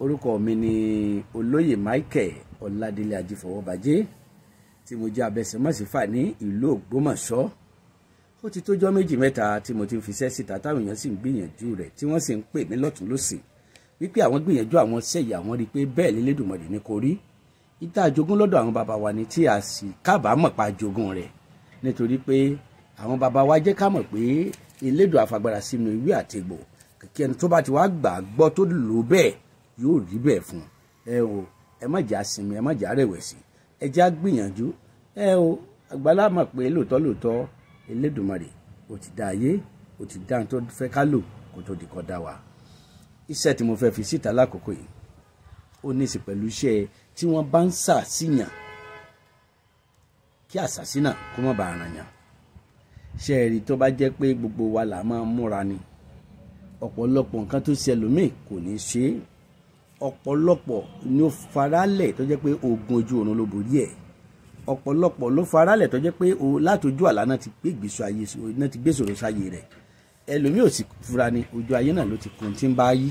orúkọ mi ni olóyè Michael Ọládélé Ajífọwọ́bajé tí mo jẹ́ abẹsẹ̀mọ́sífà ní ìlú Ògbómọ̀ṣọ́ ó ti tójọ́ méjì mẹ́ta tí mo ti ń fiṣẹ́ síta táwọn èèyàn sì ń gbìyànjú rẹ̀ tí wọ́n sì ń pè mí lọ́tún lọ́sì wípé àwọn gbìyànjú àwọn sẹ́yìn àwọn rí i pé bẹ́ẹ̀ lélẹ́dùnmọ̀dì ni kò rí ìta àjogún lọ́dọ̀ àwọn bàbá wa ni tí a sì kábàámọ̀ pa àjogún rẹ̀ nítorí pé àwọn bàbá wa jẹ́ ká mọ̀ pé Elédùà àfagbára sínú ìwé àtegbò kẹ̀kẹ́ ẹni tó bá ti wá gbà gbọ́ tó lò bẹ́ẹ̀ yóò rí bẹ́ẹ̀ fún ẹ o ẹ má jà sinmi ẹ má jà rẹ̀wẹ̀sì ẹ já gbìyànjú ẹ o àgbàlá mọ̀ pé lóòótọ́ lóòótọ́ Elédùmarè ó ti dá ayé ó ti dá tó fẹ́ ká lò kó tó di kọ́ dá wa iṣẹ́ tí mo fẹ́ fi síta lákòókò yìí ó ní í pẹ̀lú iṣẹ́ tí wọ́n bá ń ṣàṣìyàn kí àṣàṣìnà kó má bàa ràn yàn ṣe ẹ̀rí tó bá jẹ́ pé gbogbo wa là máa múra ni ọ̀pọ̀lọpọ̀ nǹkan tó ṣẹlòmíì kò ní ṣe é ọ̀pọ̀lọpọ̀ ni ó faralẹ̀ tó jẹ́ pé oògùn ojú oorun ló borí ẹ̀ ọ̀pọ̀lọpọ̀ ló faralẹ̀ tó jẹ́ pé látọjú àlá náà ti gbé ìgbésò ayé náà ti gbèsòrò sáyé rẹ̀ ẹlòmíì ò sì fura ni ojú ayé náà ló ti kùn tí ń bá yí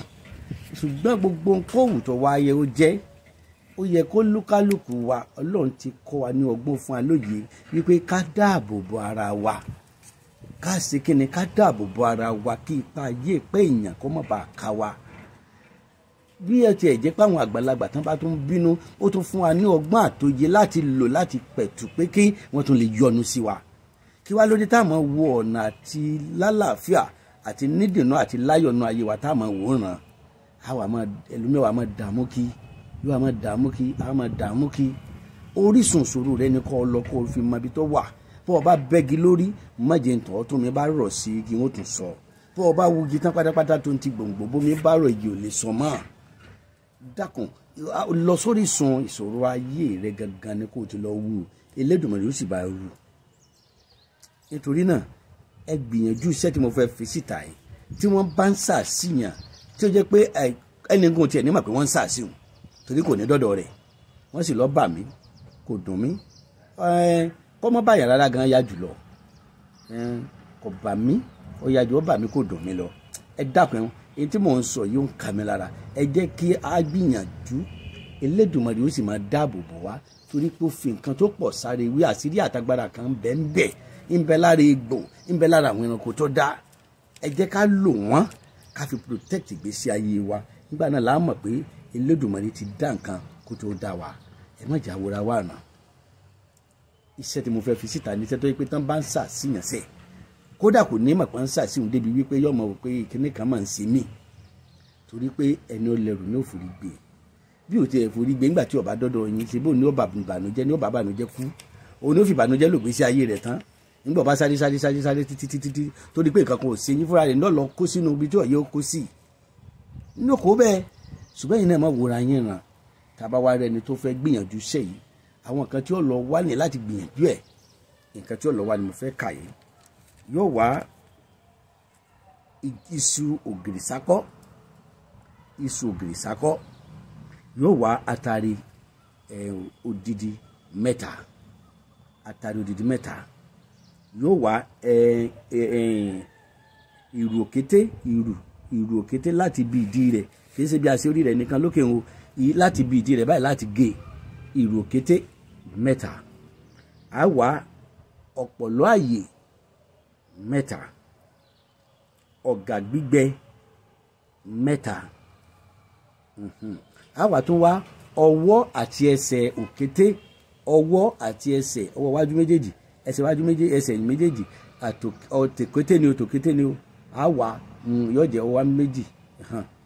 ṣùgbọ́n gbogbo nkóhùn tó wáyé ó jẹ́ ó yẹ kó lúkálùkù wa ọlọ́run ti kọ́ wa ní ọgbọ́n fún wa lóye wípé ká dáàbò bo ara wa ká ṣe kí ni ká dáàbò bo ara wa kí ipa ayé pé èèyàn kó má bàa ká wa bí ẹ tiẹ̀ jẹ́ páwọn àgbàlagbà tán bá tún bínú ó tún fún wa ní ọgbọ́n àtòye láti lò láti pẹ̀tù pé kí wọ́n tún lè yọ́nú sí wa kí wá lóde táwọn wo ọ̀nà àti lálàáfíà àti nídìnnú àti láyọ̀nù ayé wa táwọn wò ràn àwa máa ẹlòmíwàá máa dààmú kí yóò máa dààmú kí àwa máa dààmú kí orísun ìṣòro rẹ ni kọ́ ọ lọ kó o fi mọ ibi tó wà bọ́ ọ bá bẹ́gi lórí mọ̀jẹ̀ ń tọ́ ọ tó mi bá rọ̀ sí igi wọn tún sọ bọ́ ọ bá wugi tán pátápátá tó ń ti gbòǹgbò bómi bá rọ̀ igi ò lè sọ mọ́ dákun lọ sórí sun ìṣòro ayé rẹ gangan ni kò ti lọ wú Elédùmarè ó sì bá rú nítorí náà ẹ gbìyànjú iṣẹ́ tí mo fẹ́ fi síta yìí tí wọ́n bá ń ṣàṣìyàn tí ó jẹ́ pé ẹnìkan tiẹ̀ nímọ̀ pé wọ́n ń ṣàṣìyàn torí kò ní dọ́dọ̀ rẹ̀ wọ́n sì lọ bà mí kò dùn mí kọ́mọ́ bàyà rárá gan ya jùlọ kò bà mí ó ya jù ó bà mí kò dùn mí lọ ẹ dákun èyí tí mò ń sọ yìí ó ń kà mí lára ẹ jẹ́ kí a gbìyànjú Elédùmarè ó sì máa dáàbò bò wá torí pé ó fi nǹkan tó pọ̀ sáré wí àṣírí àtagbára kan bẹ́ ń bẹ̀ ń bẹ lára egbò ń bẹ lára àwọn ẹranko tó dá ẹ jẹ́ ká lò wọ́n ká fi protect ìgbésí ayé wa nígbà náà la pé Elédùmarè ti dá nǹkan kó tó dá wa ẹ má jà wúra wà náà iṣẹ́ tí mo fẹ́ fi síta ní iṣẹ́ tó pé tán bá ń sà síyànṣẹ́ kódà kò ní màpá ń sàṣìhùn débi wípé yọmọ wò pé kíní kan máa ń ṣe mí torí pé ẹni ọlẹrù ní òfòrí gbé bí ò ti ẹ̀fọ́rí gbé nígbà tí ọba dọ́dọ̀ yín ṣe bó ní ọba ìbànújẹ́ ní ọba ìbànújẹ́ kú òun ní ó fi ìbànújẹ́ lò gbèsè ayé rẹ̀ tán nígbà ọba sáré sáré sáré sáré títí títí títí torí pé nǹkan kan ò ṣe yín fúnra rẹ̀ náà lọ kó sínú ibi tí ọ̀yẹ́ kó sí inú kò bẹ́ẹ̀ ṣùgbọ́n yìí náà má wòra yín ràn tàbá wa rẹni tó fẹ́ gbìyànjú sẹ́yìn àwọn nǹkan tí ó lọ ní láti gbìyànjú ẹ̀ nǹkan tí ó lọ ní mo fẹ́ kà yìí yóò wá isu ògìrì sákọ́ iṣu ògìrì sákọ́ yóò wá atari odidi mẹ́ta atari odidi mẹ́ta yóò wá ìrù òkété ìrù ìrù òkété láti bi ìdí rẹ̀ kì í ṣe bí a ṣe orí rẹ̀ nìkan lókè ń wo láti bi ìdí rẹ̀ báyìí láti gé ìrù òkété mẹ́ta a wá ọ̀pọ̀lọ́ àyè mẹ́ta ọ̀gà gbígbẹ mẹ́ta àwa mhm. tún wá ọwọ́ àti ẹsẹ̀ òkété ọwọ́ àti ẹsẹ̀ ọwọ́ iwájú méjèèjì ẹsẹ̀ iwájú méjèèjì ẹsẹ̀ méjèèjì àtòkété ni o ni o àwa mm, yóò jẹ́ ọwọ́ méjì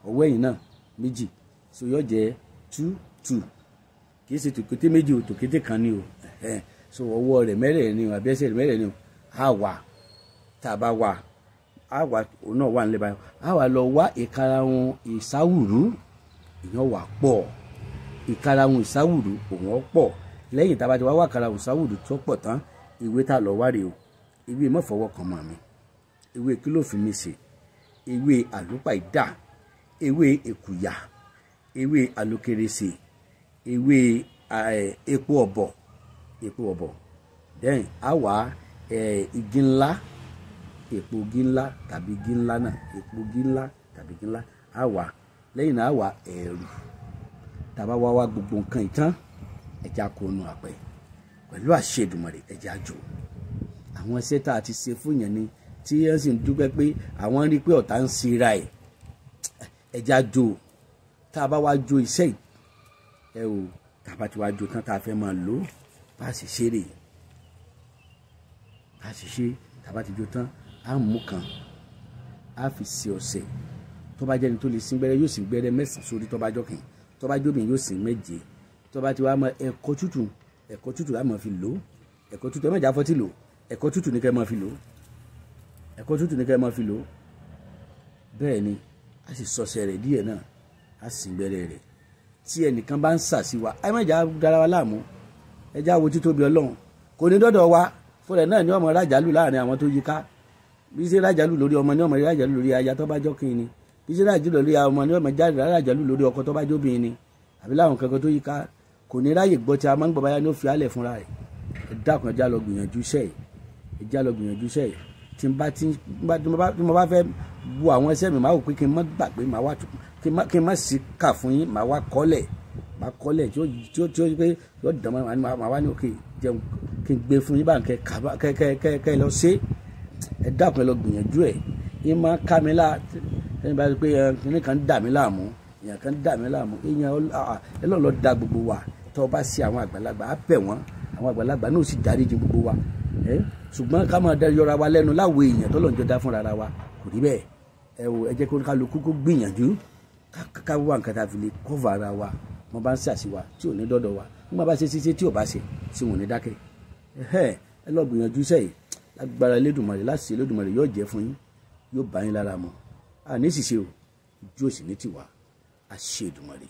ọwọ́ ẹ̀yìn náà méjì so yóò jẹ́ two two kì í ṣe tòkété méjì o kan ni o so ọwọ́ rẹ̀ mẹ́rẹ̀ẹ̀rin o àbí ẹsẹ̀ rẹ̀ mẹ́rẹ̀ẹ̀rin o àwa tá a bá wà á wà òun náà wà nílẹ̀ báyìí á wà lọ wá ìkarahun ìsáwùrú ìyàn wà pọ̀ ìkarahun ìsáwùrú òun ọ̀pọ̀ lẹ́yìn tá a bá wá wá ìkarahun ìsáwùrú tó pọ̀ tán ìwé tá lọ wá o ìwé mọ́fọwọ́kan mọ̀ mi ìwé kí ló fi mi ṣe ìwé àlùpà ìdá ìwé èkùyà ìwé àlùkèrèsè ìwé epo ọ̀bọ̀ epo ọ̀bọ̀ then a wà ńlá epo gínlá tàbí gínlá náà epo gínlá tàbí gínlá á wà lẹ́yìn náà á wà ẹ̀rù tàbá wá wá gbogbo nǹkan ìtàn ẹja kó nu àpẹ pẹ̀lú àṣẹ Èdùmàrè ẹja jò àwọn iṣẹ́ tá a ti ṣe fún yẹn ni tí ẹ sì ń dúpẹ́ pé àwọn rí i pé ọ̀tá ń sinra ẹ̀ ẹja jò tá a bá wá jò iṣẹ́ yìí o tàbá ti wá jò tán tá a fẹ́ máa lò bá a sì ṣeré bá a sì ṣe tàbá ti jò tán á mú kan á fi ṣe ọ̀sẹ̀ tó bá jẹ́ni tó lè sin gbẹ́rẹ́ yóò sin gbẹ́rẹ́ mẹ́sàn-án sórí tó bá jọkìn tó bá jóbìn yóò sin méje tó bá ti wá mọ ẹ̀kọ́ tútù ẹ̀kọ́ tútù á mọ̀ fi lò ẹ̀kọ́ tútù ẹ má jà fọ́tí lò ẹ̀kọ́ tútù ní kẹ́ ẹ mọ̀ fi lò ẹ̀kọ́ tútù ní kẹ́ ẹ mọ̀ fi lò bẹ́ẹ̀ ni a sì sọ̀sẹ̀ rẹ̀ díẹ̀ náà a sì ń gbẹ́rẹ́ rẹ̀ tí ẹnìkan bá ń sà sí wa ẹ má jà dára wa láàmú ẹ já wo títóbi ọlọ́run kò ní dọ́dọ̀ wa fúnra náà ni ọmọ rájàlú láàrin àwọn tó yíká bí ṣe rájàlú lórí ọmọ ní ọmọ rí rájàlú lórí aya tó bá jọkùnrin ni bí ṣe rájàlú lórí ọmọ ní ọmọ jáde rájàlú lórí ọkọ tó bá jóbìnrin ni àbí láwọn kankan tó yí ká kò ní ráyè gbọ́ tí a máa ń gbọ́ báyá ní ó fi álẹ̀ fúnra rẹ̀ ẹ dákun ẹ já lọ gbìyànjú iṣẹ́ yìí ẹ já lọ gbìyànjú iṣẹ́ yìí tí n bá tí mo bá fẹ́ bu àwọn iṣẹ́ mi máa wò pé kí n má gbàgbé máa wá kí n má sì kà fún yín máa wá kọ́lẹ̀ máa kọ́lẹ̀ tí ó tí ó pé yóò dàn máa wá ní òkè jẹun kí n gbé fún yín bá ń kẹ kẹ kẹ kẹ lọ ṣe ẹ dákun ẹ lọ gbìyànjú ẹ yín máa ká mi lá ẹni bá rí pé ẹni kan dà mí láàmú èèyàn kan dà mí láàmú èèyàn ẹ lọ́ọ́ lọ da gbogbo wa tọ́ bá sí àwọn àgbàlagbà á bẹ̀ wọ́n àwọn àgbàlagbà náà sì dáríjì gbogbo wa ẹ ṣùgbọ́n ká máa yọra wa lẹ́nu láwo èèyàn tó lọ́njọ́ dá fúnra wa kò rí bẹ́ẹ̀ ẹ wò ẹ jẹ́ kó kálukú kó gbìyànjú ká wá nǹkan tá a fi lè kọ́va ara wa mo bá ń ṣàṣìwà tí ò ní dọ́dọ̀ wa nígbà bá ṣe ṣiṣẹ́ tí ò bá ṣe tí wọn ní dákẹ́ ẹ lọ gbìyànjú sẹ́yìn agbára Elédùmarè láti ṣe Elédùmarè yóò jẹ́ fún yín yóò bá yín lára mu àní ṣìṣe o ojú òsì ní tiwa àṣẹ Èdùmarè.